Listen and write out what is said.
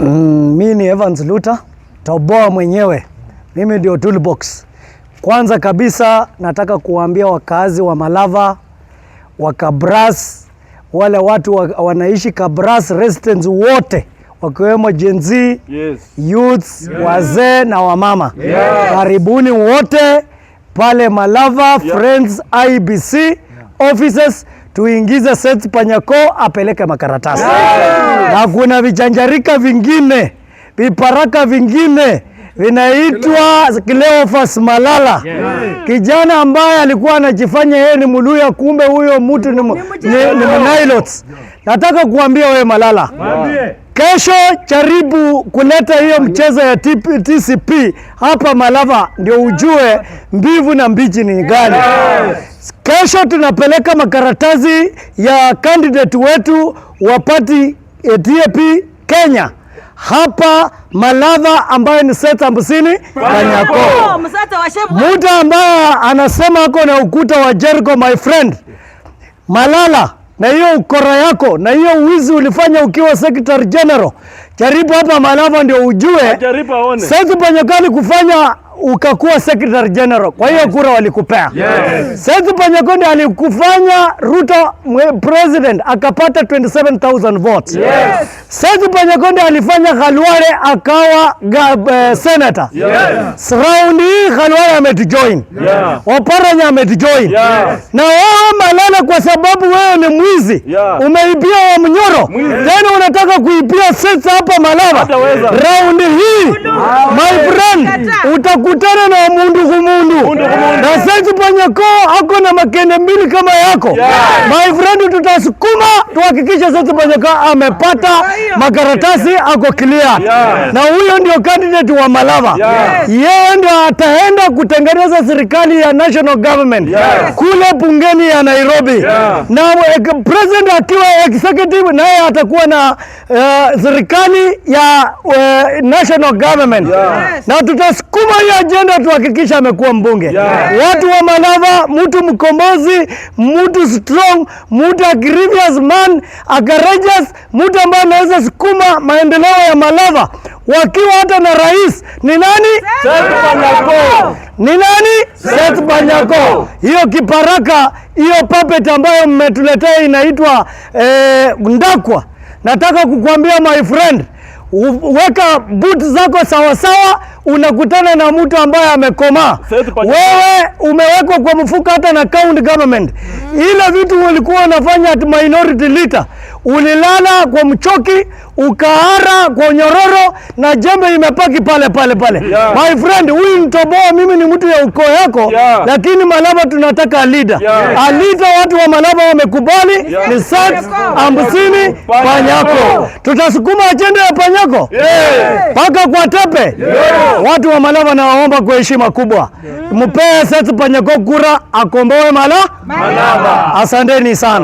Mm, mi ni Evans Luta Toboa mwenyewe, mimi ndio toolbox. Kwanza kabisa nataka kuwaambia wakazi wa Malava wa Kabras, wale watu wa, wanaishi Kabras residents wote wakiwemo Gen Z yes, youths yes, wazee na wamama karibuni yes, wote pale Malava yeah, Friends IBC yeah, offices tuingize Seth Panyako apeleke makaratasi yeah. Na kuna vichanjarika vingine viparaka vingine vinaitwa Cleophas Malala yeah. Kijana ambaye alikuwa anajifanya yeye ni Muluya, kumbe huyo mtu ni, ni, ni Nataka kuambia wewe Malala yeah. Kesho jaribu kuleta hiyo mchezo ya TCP hapa Malava, ndio ujue mbivu na mbichi ni gani. Kesho tunapeleka makaratasi ya candidate wetu wa party TAP Kenya hapa Malava ambayo ni seta hamsini Kanyako. Muda ambaye anasema ako na ukuta wa Jericho, my friend Malala, na hiyo ukora yako na hiyo wizi ulifanya ukiwa secretary general Jaribu hapa malava ndio ujue. Jaribu aone. Sasa kali kufanya ukakuwa Secretary General. Kwa hiyo kura walikupea. Yes. Sasa Panyakali alikufanya Ruto president akapata 27000 votes. Yes. Sasa Panyakali alifanya Khalwale akawa uh, senator. Yes. Round hii Khalwale ametujoin. Yeah. ametujoin. Yes. Na wao Malala kwa sababu wewe ni mwizi. Yeah. Umeibia wa Mnyoro sasa hapa Malava, raundi hii my friend, utakutana na mundu kumundu na sasa panyako ako na makende mbili kama yako, my friend tunasukuma tuhakikishe Zitto Banyaka amepata makaratasi, ako clear Na huyo ndio candidate wa Malava yes. Yeye ndio ataenda kutengeneza serikali ya national government yes. Kule bungeni ya Nairobi Na eh, president akiwa executive naye atakuwa na uh, serikali ya uh, national government Na tutasukuma hiyo ajenda tuhakikishe amekuwa mbunge Watu wa Malava, mtu mkombozi, mtu strong, mtu grievous man courageous mtu ambaye anaweza sukuma maendeleo ya Malava wakiwa hata na rais ni nani? Seth Panyako. Ni nani? Seth Panyako. Hiyo kiparaka hiyo puppet ambayo mmetuletea inaitwa eh, Ndakwa. Nataka kukuambia my friend, weka boot zako sawasawa sawa, unakutana na mtu ambaye amekomaa. Wewe umewekwa kwa mfuka hata na county government mm. Ile vitu ulikuwa unafanya at minority leader, ulilala kwa mchoki, ukaara kwa nyororo na jembe imepaki pale pale pale, yeah. My friend, huyu mtoboa, mimi ni mtu ya ukoo yako yeah. Lakini Malava tunataka leader yeah. Alita watu wa Malava wamekubali yeah. Ni sat hamsini Panyako, tutasukuma ajenda ya Panyako mpaka yeah. kwa Tepe yeah. Watu wa Malava nawaomba kwa heshima kubwa, mpee Seth Panyako kura akomboe Mala Malava. Asanteni sana.